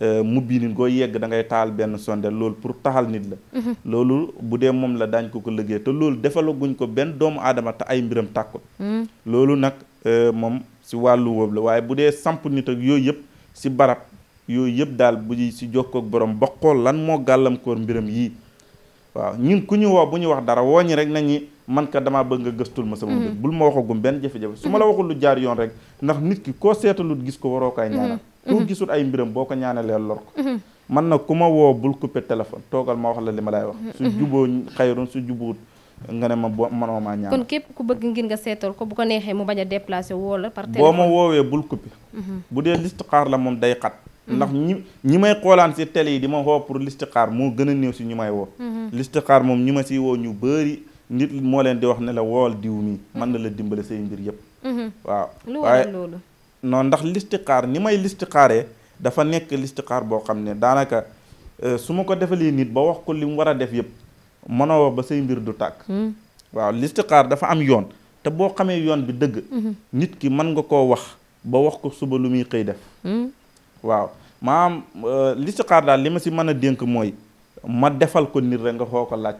S2: euh, mubbi nit koo yegg da ngay taal benn sondel loolu pour taxal nit la mhm. loolu bu dee moom la daañ ko ko liggéey te loolu defalaguñ ko benn doomu aadama te ay mbiram tàkkul mhm. loolu nag euh, moom si wàllu woowu la waaye bu dee samp nit ak yooyu yëpp si barab yooyu yëpp daal bu si jokkoog borom ba xool lan moo gàllankoor mbiram yii waaw ñun ku ñu woo bu ñu wax dara woo ñi man ka damaa bëgg nga gëstul ma sama mm-hmm. mbir bul ma waxagum benn jafe-jafe su ma la mm-hmm. waxul lu jaar yoon rek ndax nit ki koo seetalut gis ko waroo koy ñaanal mm-hmm. koo gisul ay mbiram boo ko ñaanalee lor ko man na ku ma woo bul coupé téléphone toogal ma wax la li ma lay wax su juboo xayrun su jubuut nga ne ma bo mënoo maa ñaan kon
S1: képp ku bëgg ngir nga seetal ko bu ko neexee mu bañ a déplacé woo la par téléphone boo ma
S2: woowee bul coupé bu dee listixaar la moom day xat ndax ñi may xoolaan si télé yi di ma woo pour listixaar moo gën a si ñu may woo listixaar ma si woo ñu bëri nit moo leen di wax ne la wool diw mi mën na la dimbale say mbir yëpp mhm. waaw waaye loolu non ndax listixaar ni may listixaaree dafa nekk listixaar boo xam ne daanaka euh, su ma ko defalee nit ba wax ko li mu war a def yëpp mënoo wax ba say mbir du tàkk mhm. waaw listixaar dafa am yoon te boo xamee yoon bi dëgg mhm. ki mën nga koo wax ba wax ko suba lu muy xëy def waaw maam euh, listixaar daal li ma si mën a dénk mooy ma defal ko nit rek nga xoo ko laaj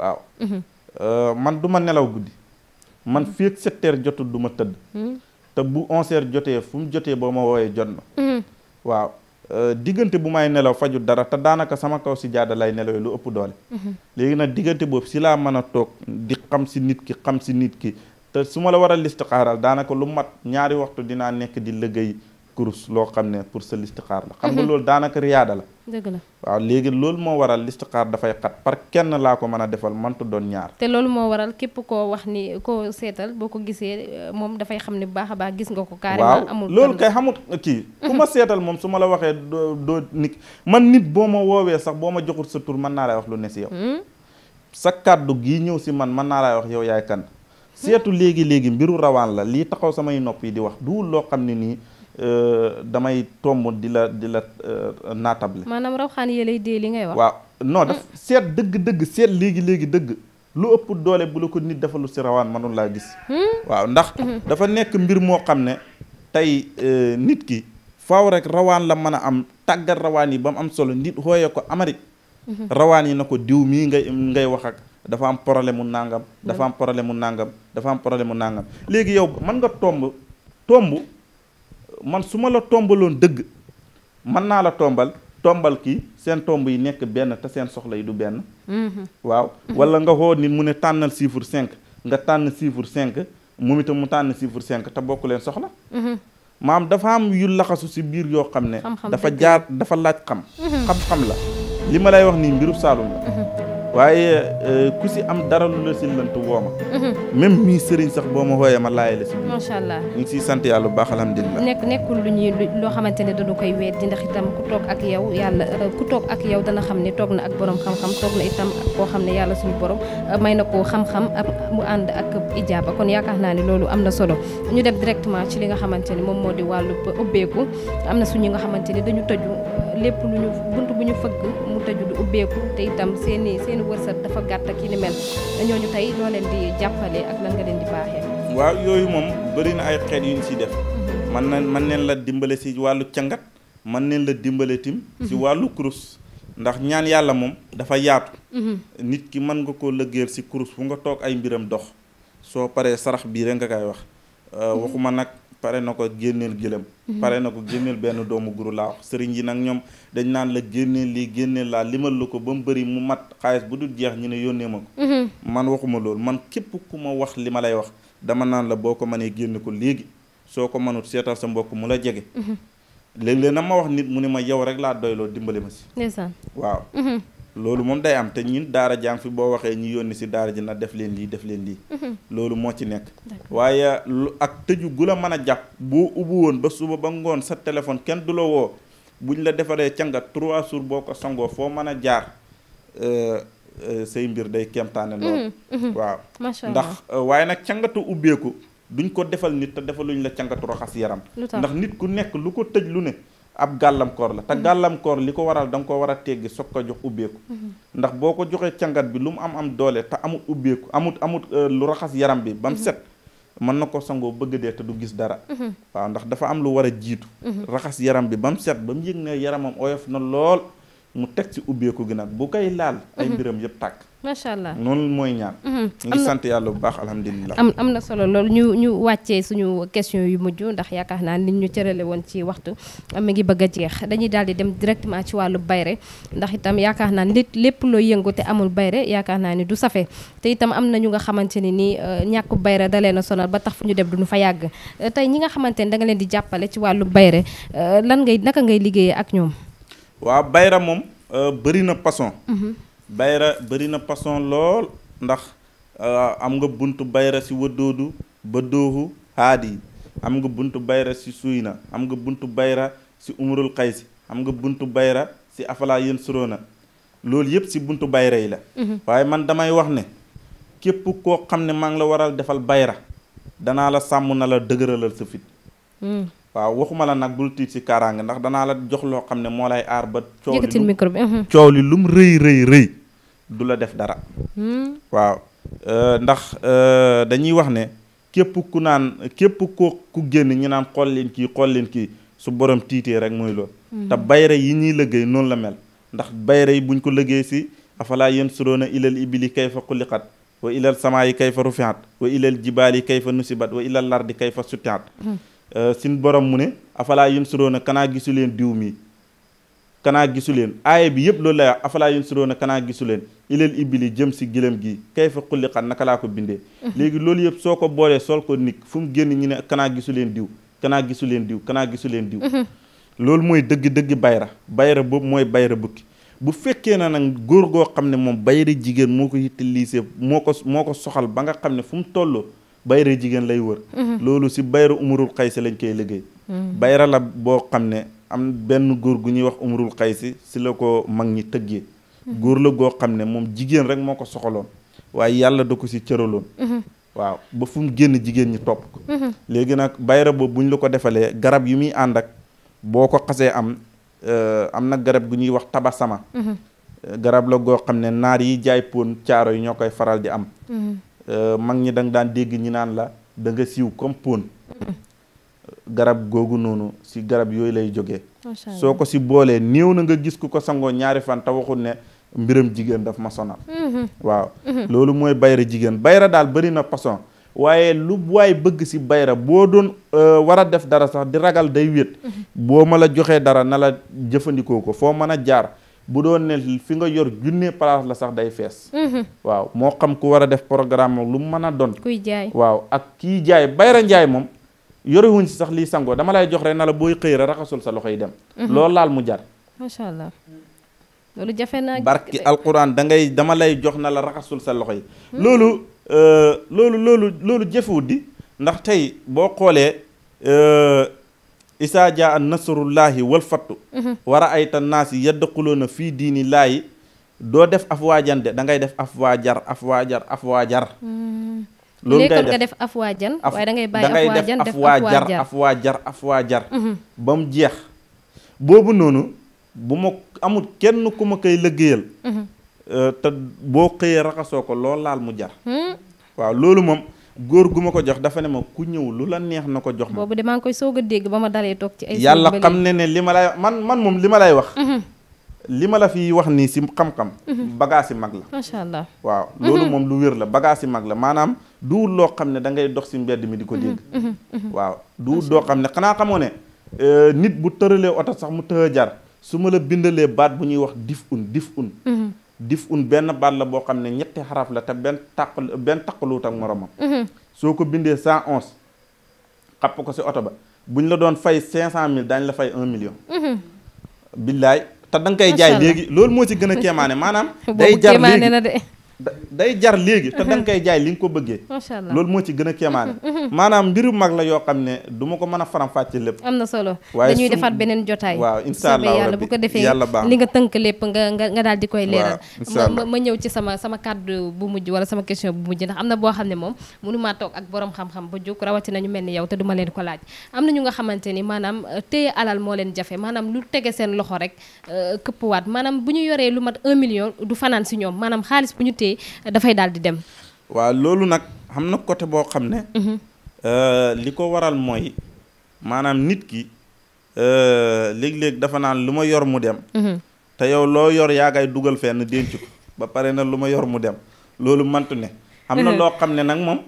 S2: waaw Euh, man du ma nelaw guddi man hmm. fii ak sept heures jotul du ma tëdd hmm. te bu onze jotee fu mu jotee boo ma woowee jot na hmm. waaw euh, diggante bu may nelaw faju dara te daanaka sama kaw si jaada lay nelawee lu ëpp doole léegi nag diggante boobu si laa mën a toog di xam si nit ki xam si nit ki te su ma la war a xaaral daanaka lu mat ñaari waxtu dinaa nekk di lëggéey kurus loo xam ne pour sa listixaar la xam nga mhm. loolu la dëgg la waaw léegi loolu moo waral listixaar ko mën a defal mënta
S1: wax ni koo seetal boo ko gisee euh, moom dafay xam ne bu a baax gis nga ko carrément
S2: ma mhm. seetal moom su ma la waxee doo nit man nit boo ma woowee sax boo ma joxul sa tur mën naa lay wax lu ne si yow mhm. sa kàddu gii ñëw si man mën naa lay wax yow yaay kan seetu léegi-léegi mbiru rawaan la lii taxaw samay nopp yi di wax duwul loo xam ne nii Euh, damay tomb di la di la euh, naatable.
S1: maanaam raw xaan yi lay dee li ngay wax. waaw
S2: non daf mm. seet dëgg-dëgg seet léegi léegi dëgg. lu ëpp doole bu la ko nit defalu si rawaan mënul laa gis. Hmm? waaw ndax. Mm-hmm. dafa nekk mbir moo xam ne tey euh, nit ki faaw rek rawaan la mën a am tàggat rawaan yi ba mu am solo nit xooyee ko Amérique. Mm-hmm. rawaan yi na ko diw mii ngay ngay wax ak. dafa am problème mu nangam. dafa mm. am problème mu nàngam dafa am problème mu nangam léegi yow mën nga tomb tomb. man su ma la tombaloon dëgg man naa la tombal tombal kii seen tomb yi nekk benn te seen soxla yi du benn mm-hmm. waaw mm-hmm. wala nga xoo nit mu ne tànnal chiffre cinq nga tànn chiffre cinq moom itam mu tànn chiffre cinq te bokk leen soxla mm-hmm. maam dafa am yu laxasu si biir yoo xam ne dafa jaar dafa laaj xam xam-xam la li ma lay wax nii mbirub Saalum la waaye euh, ku si am dara lu la si lënt woo ma mhm. même mii sëriñ sax boo ma wooyee ma laay si
S1: macha allah
S2: ñu sant yàlla bu baax alhamdulilah
S1: nekk nekkul lu ñuy loo xamante ne dañu koy weddi ndax itam ku toog ak yow yàlla euh, ku toog ak yow dana xam ne toog na ak borom xam toog na itam koo xam ne yàlla suñu borom euh, may na koo xam-xam mu ànd ak ijaaba kon yaakaar naa ne loolu am na solo ñu dem directement ci li nga xamante ne moom moo di wàllu ubbeeku am na suñu nga xamante ne dañu tëju lépp lu ñu bunt bu ñu fëgg mu tëju du ubbeeku te itam seeni seeni wërsëg dafa gàtt ak yi ni mel ñooñu tey loo leen di jàppale ak lan nga leen di baaxee.
S2: waaw yooyu moom bëri na ay xeet yu ñu si def. Mhm. man na man neen la dimbale si wàllu cangat man neen la dimbale tim si mhm. wàllu kurus. ndax ñaan yàlla moom dafa yaatu. Mhm. nit ki mën nga ko lëggéel si kurus fu nga toog ay mbiram dox soo paree sarax bii rek nga koy wax. Euh, waxuma nag. pare na ko génneel gëlëm mhm. pare na ko génneel benn doomu guru laa sëriñ yi nag ñoom dañ naan la génneel lii génneel laa limal la ko ba mu bari mu mat xaalis bu dul jeex ñu ne yónnee ma ko mhm. man waxuma loolu man képp ku ma wax li ma lay wax dama naan la boo ko manee génn ko léegi soo ko mënut seetal sa mbokk mu la jege mhm. léeg-léeg na ma wax nit mu ne ma yow rek laa doyloo dimbali ma si ndeysaan waaw loolu moom day am te ñun daara jàng fi boo waxee ñu yónni si daara ji na def leen lii def leen lii mhm. loolu moo ci nekk waaye lu ak tëju gu la mën a jàpp boo ubbi woon ba suba ba ngoon sa téléphone kenn du la woo bu ñu la defaree canga trois jours boo ko sangoo foo mën a jaar euh, euh, say mbir day kemtaane loolu mhm, mhm. waaw ndax euh, waaye nag cangatu ubbeeku duñ ko defal nit te defaluñ la cangatu raxas yaram ndax nit ku nekk lu ko tëj lu ne ab gàllankoor la te mm-hmm. gàllankoor li ko waral da nga ko war a tegg soog ko jox ubbeeku mm-hmm. ndax boo ko joxee cangat bi lu mu am am doole te amut ubbeeku amut amut euh, lu raxas yaram bi ba mu mm-hmm. set mën na ko sangoo bëgg dee te du gis dara waaw ndax dafa am lu war a jiitu raxas yaram bi ba mu set ba mu yëg ne yaramam oyof na lool mu teg ci ubbeeku gi nag bu koy laal. ay mhm. mbiram yëpp tàkk. macha allah noonu mooy ñaan. Mhm. am sant yàlla bu baax alhamdulilah. am am
S1: na solo lool ñu ñu wàccee suñu question yu mujj ndax yaakaar naa nit ñu cërale woon ci waxtu mi ngi bëgg a jeex dañuy daal di dem directement ci wàllu bayre ndax itam yaakaar naa nit lépp loo yëngu te amul yaakaar naa ni du safee te itam am na ñu nga xamante ne nii euh, ñàkk bayre da leen a sonal ba tax fu ñu dem du ñu fa yàgg euh, tey ñi nga xamante ni danga leen di jàppale ci wàllu bayre euh, lan ngay naka ngay liggéeyee ak ñoom.
S2: waaw bayra moom euh, bëri na façon mhm. bayra bëri na façon lool ndax euh, am nga buntu bayra si wëddoodu ba doohu haadi am nga buntu bayra si suuy na am nga buntu bayra si umrul xaysi am nga buntu bayra si afala yéen suróona loolu yëpp si buntu bayra yi la mhm. waaye man damay wax ne képp koo xam ne maa ngi la waral defal bayra danaa la sàmm na la dëgëralal sa fit mm. waaw waxuma la nag bul tiit si kaaraange ndax danaa la jox loo xam ne moo lay aar ba. coow li
S1: micro bi uh-huh.
S2: coow li lum rëy rëy du la def dara. Hmm. waaw euh, ndax euh, dañuy wax ne képp ku naan képp ko ku génn ñu naan xool leen kii xool leen kii su borom tiitee rek mooy loolu. Hmm. te bayre yi ñuy liggéey noonu la mel ndax bayre yi buñ ko liggéey si afalaa yéen suroona ilal ibili kay fa xuliqat wa ilal samaayi kay fa rufiat wa ilal jibaali kay fa nusibat wa ilal lardi kay fa sutiat hmm. Euh, sin borom mu ne afalaa a kanaa gisu leen diw mi kanaa gisu leen aaya bi yëpp loolu lay wax afalaa a kanaa gisu leen ileel ibili jëm si gëlëm gi kay fa xulli xan naka laa ko bindee mhm. léegi loolu yëpp soo ko boolee sol ko fu mu génn ñu ne kanaa gisu diw kanaa gisu leen diw kanaa gisu leen diw mhm. loolu mooy dëgg dëgg bayra bayra boobu mooy bayra bukki bu fekkee na nag góor goo xam ne moom bayra jigéen moo ko yittalisee moo ko moo ko soxal ba nga xam ne fu mu toll bayra jigéen lay wër mhm. loolu si bayra umurul xaysi lañ koy liggéey mhm. bayra la boo xam ne am benn góor gu ñuy wax umurul xaysi si la ko mag ñi tëggee mhm. góor la goo xam ne moom jigéen rek moo ko soxaloon waaye yàlla da ko si cëraloon waaw ba fu mu génn jigéen ñi topp ko léegi nag bayra boobu bu ñu la ko defalee garab yu muy ànd ak boo ko xasee am euh, am na garab gu ñuy wax sama euh, garab la goo xam ne naar yi jaay poon caaro yi ñoo koy faral di am Euh, mag ñi da nga daan dégg ñi naan la da nga siiw comme pon garab googu noonu si garab yooyu lay jóge soo ko si boolee néew na nga gis ku ko sangoo ñaari fan te waxul ne mbiram jigéen daf ma sonal mm-hmm. waaw mm-hmm. loolu mooy bayra jigéen bayra daal bëri na façon waaye lu waay bëgg si bayra boo doon euh, war a def dara sax di ragal day wét mm-hmm. boo ma la joxee dara na la jëfandikoo ko foo mën a jaar bu doon ne fi nga yor junne place la sax day fees. Mhm. waaw moo xam ku war a def programme lu mu mën a doon. kuy jaay waaw ak kii jaay bayra njaay moom. yorewuñ si sax lii sangoo dama lay jox rek na la booy xëy rek raxasul sa loxo yi dem. Mhm. loolu laal mu jar.
S1: macha allah loolu jafe naa. barki
S2: da ngay dama lay jox na raxasul sa loxo yi. Hmm? Euh, loolu loolu loolu loolu jëfewut di ndax tey boo xoolee. Euh, isaa jaa a nasrullahi wal fattu mhm. wa raayta naasi yadxuluuna fii diinillaahi doo def afwaajan de da ngay def afwaajar afwaajar afwaajar
S1: mm.
S2: loolu ngay def nga def
S1: afwaajan waaye da ngay bàyyi afwaajan def afwaajar
S2: afwaajar afwaajar mhm. ba mu jeex boobu noonu bu ma amul kenn ku ma koy liggéeyal mhm. euh, te boo xëyee raxasoo ko lool laal mu jar hmm. waaw loolu moom góor gu ma ko jox dafa ne ma ku ñëw lu la neex na ko jox ma.
S1: boobu de maa ngi koy soog a dégg ba ma dalee toog ci ay. yàlla xam
S2: ne ne li ma man man moom li ma lay wax. Mhm. li ma la fi wax nii si xam-xam. Mhm. bagage mag la. macha allah waaw mhm. loolu moom lu wér la bagage yi mag la maanaam duwul loo xam ne da ngay dox si mbedd mi ko waaw duwul doo xam ne xanaa xamoo ne euh, nit bu tëralee oto sax mu tëja jar su ma la bindalee baat bu ñuy wax dif un dif un. dif un benn baat la boo xam ne ñetti xaraf la te benn taq benn taqaluut ak moromam mhm. soo ko bindee cent onze xapp ko si oto ba bu ñu la doon fay cinq cent mille daañu la fay un million mhm. billaay te da koy jaay léegi loolu moo ci gën a kéemaane maanaam day jar léegi day jar léegi te da nga koy jaay li nga ko bëggee ci gën a kéemaane maanaam mbiru mag la yoo xam ne du ma ko mën a faram-fàcce lépp
S1: am na solo waaye dañuy defaat beneen jotaay waaw incha allah yàlla ko defee yàlla nga tënk lépp nga nga nga daal di koy leeral ma ñëw ci sama sama kàddu bu mujj wala sama question bu mujj ndax am na boo xam ne moom mënumaa toog ak borom xam-xam ba jóg rawati nañu mel ni yow te du ma leen ko laaj am na ñu nga xamante ni maanaam euh, téye alal moo leen jafe maanaam lu tege seen loxo rek euh, këppwaat maanaam bu ñu yoree lu mat un million jëfee dafay daal di dem.
S2: waaw loolu nag xam na côté boo xam ne. Mhm. Euh, li ko waral mooy maanaam nit ki euh, léeg-léeg dafa naan lu ma yor mu dem. Mhm. te yow loo yor yaa ngay dugal fenn denc ko ba pare na lu ma yor mu dem loolu mantu ne. xam na mhm. loo xam ne nag moom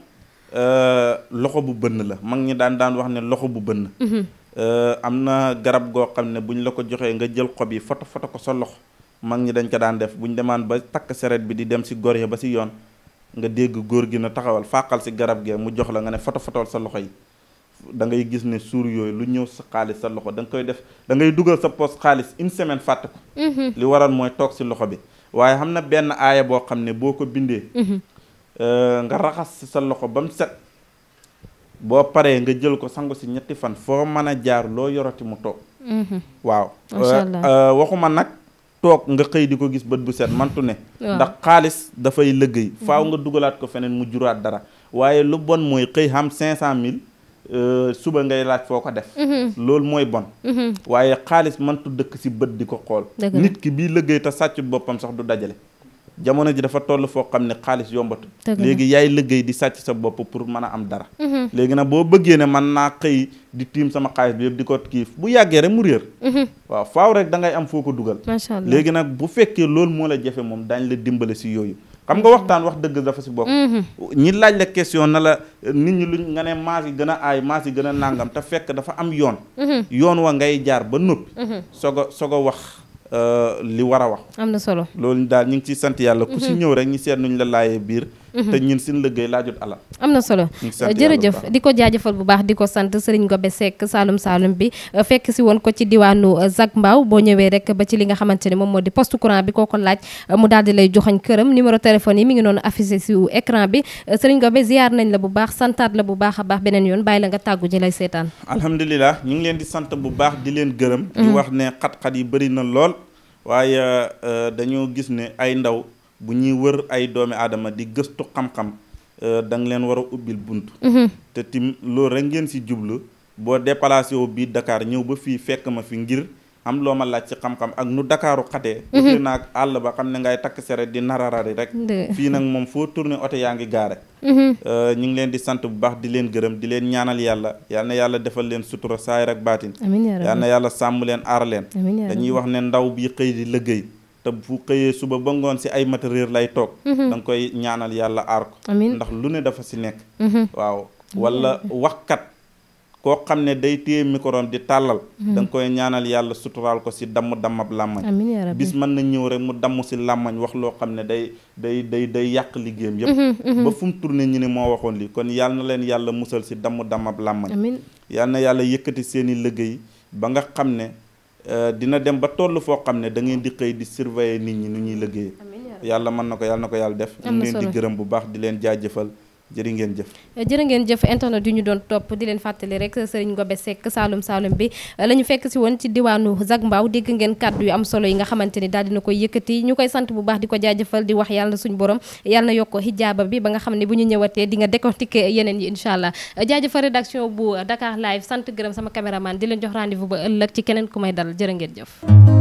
S2: euh, loxo bu bënn la mag ñi daan daan wax ne loxo bu bënn. am na garab goo xam ne buñ la ko joxee nga jël xob yi foto foto ko sa loxo. mag ñi dañ ko daan def bu ñu demaan ba takk seret bi di dem si gor ya ba si yoon nga dégg góor gi na taxawal fàqal si garab gee mu jox la nga ne foto fotool sa loxo yi da ngay gis ne suur yooyu lu ñëw sa xaalis sa loxo da koy def da dugal sa poos xaalis une semaine fàtte ko mm-hmm. li waral mooy toog si loxo bi waaye xam na benn aaya boo xam ne boo ko bindee mm-hmm. euh, nga raxas si sa loxo ba mu set boo paree nga jël ko sangu si ñetti fan foo mën a jaar loo yorati mu toog mm-hmm. waaw euh, euh, waxuma nag toog nga xëy di ko gis bët bu set mantu ne ndax xaalis dafay lëggéey mhm. faaw nga dugalaat ko feneen mu juraat dara waaye lu bon mooy xëy xam cinq cent mille euh, suba ngay laaj foo ko def mhm. loolu mooy bon mhm. waaye xaalis mantu dëkk si bët di ko xool nit ki bii lëggéey te sàcc boppam sax du dajale jamono ji dafa toll foo xam ne xaalis yombatu léegi yaay liggéey di sàcc sa bopp pour mën a am dara mm-hmm. léegi nag boo bëggee ne man naa xëy di tiim sama xaalis bi yëpp di ko kii bu yàggee rek mu réer mm-hmm. waaw faaw rek da ngay am foo ko dugal léegi nag bu fekkee loolu moo la jafe moom daañ la dimbale si yooyu xam nga mm-hmm. waxtaan wax dëgg dafa si bokk ñi laaj la question na la nit ñi luñ nga ne maas yi gën a aay maas yi gën a nàngam te fekk dafa am yoon yoon wa ngay jaar ba noppi sogo sogo wax Euh, li war a wax. am na solo loolu daal ñu ngi ciy sant yàlla. ku si mhm. ñëw rek ñi seen nuñ la laayee biir. te ñun suñu liggéey laajut alal am na
S1: solo jërëjëf di ko jaajëfal bu baax di ko sant Serigne Gobe Seck saalum Saloum bi euh, fekk si woon ko ci diwaanu euh, Zac mbaaw boo ñëwee rek ba ci li nga xamante ne moom moo di poste courant bi ko ko laaj euh, mu daal di lay joxañ këram numéro téléphone yi mi ngi noonu affiché si écran bi Serigne Gobe ziar nañ la bu baax santaat la bu baax a baax beneen yoon bàyyi la nga tàggu ji lay seetaan
S2: alhamdulilah ñu ngi leen di sant bu baax di leen gërëm di mm-hmm. wax ne bëri na lool waaye dañoo gis ne ay ndaw bu ñuy wër ay doomi aadama di gëstu xam-xam euh, da nga leen war a ubbil bunt mhm. te tim loolu rek ngeen si jublu boo déplacé wu bii dakaar ñëw ba fii fekk ma fi ngir am loo ma laaj ci xam-xam ak nu Dakaaru xate mhm. uti naag àll ba xam ne ngay takk sere di nararari rek fii nag moom foo tourné oto yaa ngi gaare mhm. euh, ñu ngi leen di sant bu baax di leen gërëm di leen ñaanal yàlla yal yàlla defal leen sutura saay rek baatin yal yàlla sàmm leen aar leen dañuy wax ne ndaw bi di liggéey te bu xëyee suba ba ngoon si ay matériel lay toog mhm. danga koy ñaanal yàlla aar ko ndax lu ne dafa si nekk mhm. waaw wala waxkat koo xam ne day téye micro di tàllal mhm. da koy ñaanal yàlla suturaal ko si damm dammab làmmañ bis mën na ñëw rek mu damm si làmmañ wax loo xam ne day day day day yàq liggéeyam yëpp ba fum mu tourné ñu ne moo waxoon li kon yàlla na leen yàlla musal si damm dammab làmmañ yàlla yàlla yëkkati seeni liggéey ba nga xam ne Euh, dina dem ba toll foo xam ne da ngeen di xëy di surveiller nit ñi nu ñuy liggéey yàlla man na ko yàlla na ko yàlla def ñu leen di gërëm bu baax di leen jaajëfal jërë ngeen jëf
S1: ngeen jëf internet yu ñu doon topp di leen fàttali rek Serigne Ngobe Seck Saalum Saalum bi eh, la ñu fekk si woon ci diwaanu Zac Mbao dégg ngeen yu am solo yi nga xamante ni daal dina koy yëkkati ñu sant bu baax di ko jaajëfal di wax yàlla suñu borom yàlla na yokk hijaaba bi ba nga xam ne bu ñu ñëwatee dinga nga décortiquer yeneen yi incha allah eh, jaajëfal rédaction bu dakaar live sant gërëm sama caméraman di leen jox rendez-vous ba ëllëg ci keneen ku may dal jërë ngeen jëf